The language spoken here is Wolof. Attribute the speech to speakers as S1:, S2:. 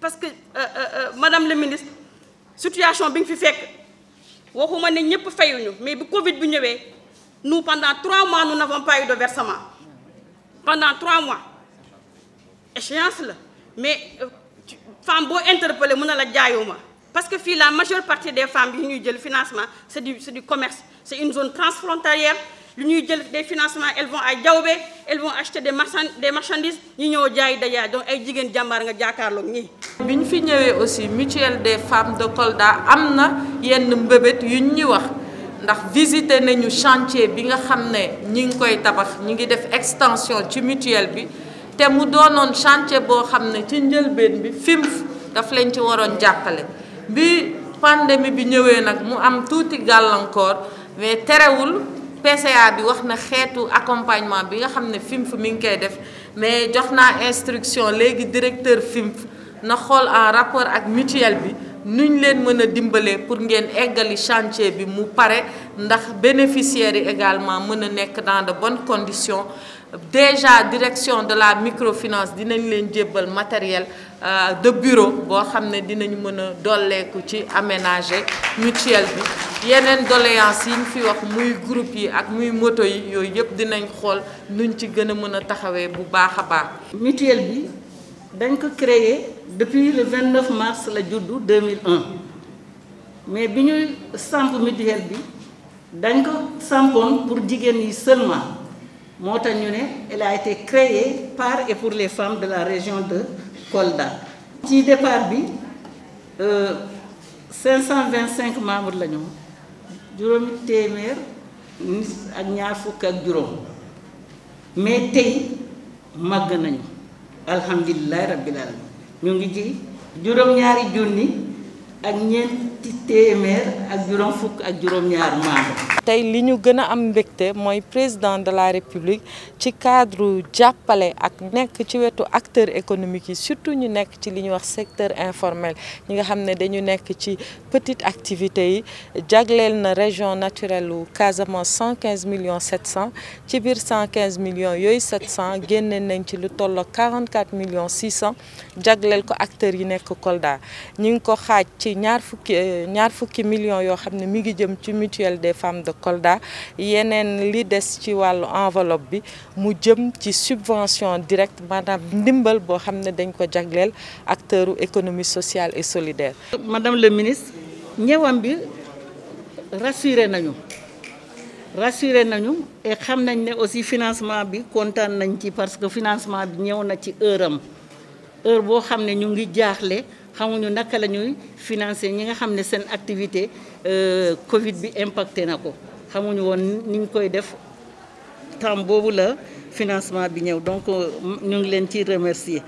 S1: parce que que euh, euh, euh, madame la ministre situation est fi fekk waxuma né fayuñu mais bu Covid nous pendant trois mois nous n'avons pas eu de versement pendant trois mois échéance la mais femme interpellée interpeller mëna la parce que fii la majeure partie des femmes yi ñuy jël financement c'est du du commerce c'est une zone transfrontalière lu ñuy jël des financements elles vont à Diaobé elles vont acheter des des marchandises ñu ñëw jaay dajaay donc ay jigéen jàmbaar
S2: nga jàkkaarloog ñii. bi ñu fi ñëwee aussi mutuelle des femmes de Kolda Amna, na yenn mbébét yu ñu wax ndax visité nañu chantier bi nga xam ne ñi ngi koy tabax ñi def extension ci mutuelle bi te mu doonoon chantier boo xam ne ci njëlbeen bi fim daf leen ci waroon jàppale bi pandémie bi ñëwé nak mu am tuuti encore. mais téréwul PCA bi waxna na accompagnement bi nga xamné ne FIMF mi ngi koy def mais joxna instruction légui directeur FIMF na xol en rapport ak mutuelle bi nuñ leen mën a dimbalee pour ngeen eggali chantier bi mu pare ndax bénéficiaires yi également mën a nekk dans de bonnes conditions déjà direction de la microfinance dinañ len djébal matériel euh, de bureau bo xamné ne dinañ mën a dolleeku ci aménager mutuel bi yenen doléance yi fi wax muy groupe yi ak muy moto yi yooyu yëpp dinañ xool nuñ ci gëna a taxawé bu baaxa baax. mutuel bi dañ ko
S3: créer depuis le 29 mars la juddu 2001 mais biñu ñuy samp mutuelle bi dañ ko sampoon pour jigéen yi seulement. Montagnone, elle a été créée par et pour les femmes de la région de Kolda. ci départ bi 525 euh, membres la ñu juróomi téeméer nit ak ñaar fukk ak juróom mais tey màgg nañu rabbil alamin ci juróom-ñaari ak ñetti téeméer
S2: ak juróom fukk ak juróom-ñaar membre tey li a am mbégte mooy président de la république ci cadre jàppale ak nekk ci wetu acteurs économiques surtout ñu nekk ci wax secteur informel Nous nga xam ne dañu nekk ci petite activité yi na région naturelle u Casamance 115 millions 700 ci 115 millions 700 génne nañ ci lu 44 millions 600 jagleel ko acteurs yi nekk Kolda ñu ko xaaj ci ñaar fukki ñaar fukki million yoo xam ne mu ngi jëm ci mutuelle des femmes de Kolda yeneen li des ci wàllu enveloppe bi mu jëm ci subvention directe ndimbal boo xam ne dañ ko jagleel acteuru économie sociale et solidaire. madame le ministre ñëwam bi
S3: rassuré nañu rassuré nañu xam nañ ne aussi financement bi kontaan nañ ci parce que financement bi ñëw na ci heure am heure boo xam ne ñu ngi jaaxle. xamuñu naka la ñuy financer ñi nga xam ne seen activité euh, Covid bi impacté na ko xamuñu won ni ñu koy def tam bobu la financement bi ñew donc euh, ñu ngi len ci remercier